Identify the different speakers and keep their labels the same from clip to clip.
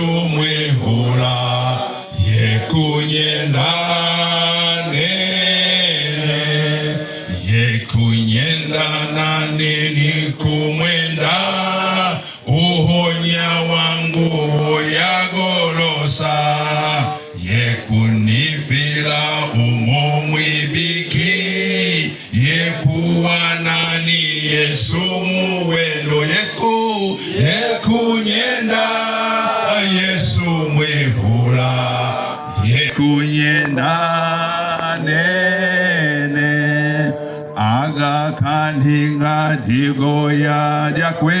Speaker 1: tumwihula yekunyenda nene yekunyenda na kumwenda uhonya wangu ya golosa yekunifila umomwibiki yekuwanani Yesu muwendo yeku ye nena nene aga digoya dyakwe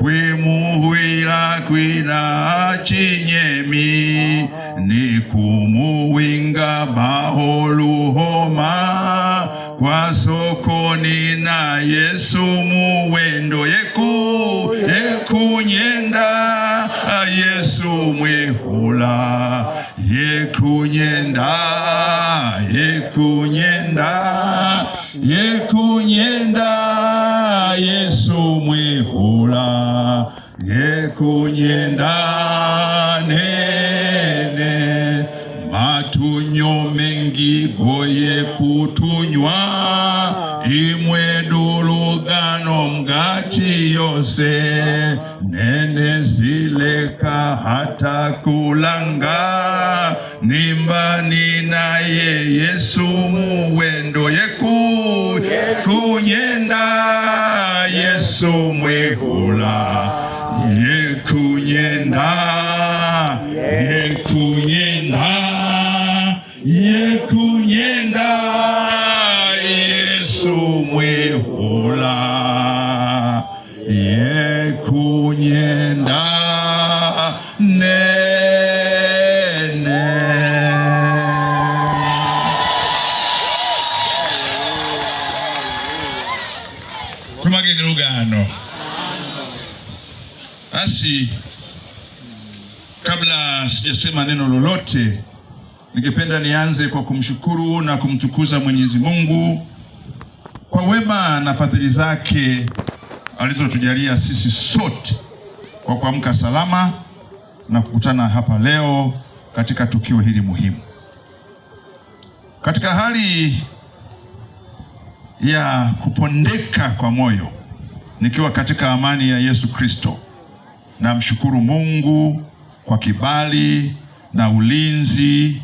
Speaker 1: kwimuwila kwina chinyemi ni kumuwinga baholuhoma kwa sokoni na Yesu muwendo kunyenda Yesu mwihula yekunyenda yekunyenda yekunyenda Yesu mwihula yekunyenda nene matunyo mengi goye kutunywa imwe dulugano mgachi yose nene sileka hata kulanga nimbani naye Yesu muwendo yeku kunyenda Yesu mwehula yekunyenda yekunyenda yeku kunyenda nene
Speaker 2: kumageni lugano basi. Kabla sijasema neno lolote, ningependa nianze kwa kumshukuru na kumtukuza Mwenyezi Mungu kwa wema na fadhili zake alizotujalia sisi sote kwa kuamka salama na kukutana hapa leo katika tukio hili muhimu. Katika hali ya kupondeka kwa moyo, nikiwa katika amani ya Yesu Kristo, namshukuru Mungu kwa kibali na ulinzi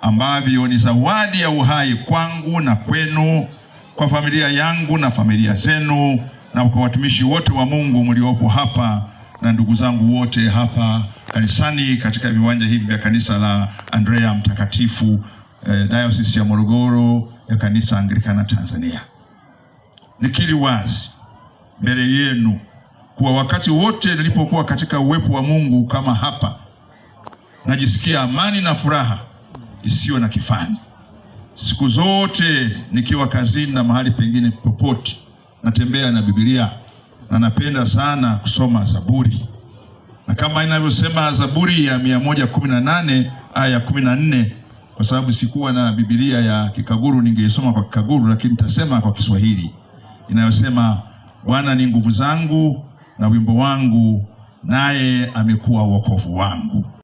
Speaker 2: ambavyo ni zawadi ya uhai kwangu na kwenu, kwa familia yangu na familia zenu na kwa watumishi wote wa Mungu mliopo hapa na ndugu zangu wote hapa kanisani katika viwanja hivi vya kanisa la Andrea Mtakatifu eh, Diocese ya Morogoro ya kanisa Anglikana Tanzania. Nikiri wazi mbele yenu kuwa wakati wote nilipokuwa katika uwepo wa Mungu kama hapa, najisikia amani na furaha isiyo na kifani. Siku zote nikiwa kazini na mahali pengine popote natembea na Biblia na napenda sana kusoma Zaburi, na kama inavyosema Zaburi ya mia moja kumi na nane aya ya kumi na nne kwa sababu sikuwa na Biblia ya Kikaguru, ningeisoma kwa Kikaguru, lakini nitasema kwa Kiswahili inayosema, Bwana ni nguvu zangu na wimbo wangu, naye amekuwa wokovu wangu.